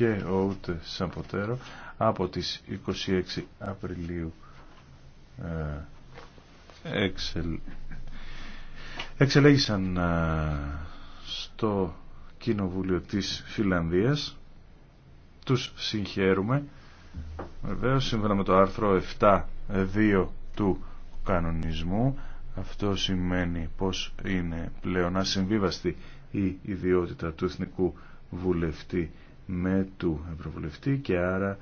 και ούτε Σαμποτέρο από τις 26 Απριλίου εξελ... εξελέγησαν ε, στο Κοινοβούλιο της Φιλανδίας τους συγχαίρουμε βεβαίως σύμφωνα με το άρθρο 7.2 του κανονισμού αυτό σημαίνει πως είναι πλέον ασυμβίβαστη η ιδιότητα του Εθνικού Βουλευτή με του Ευρωβουλευτή και άρα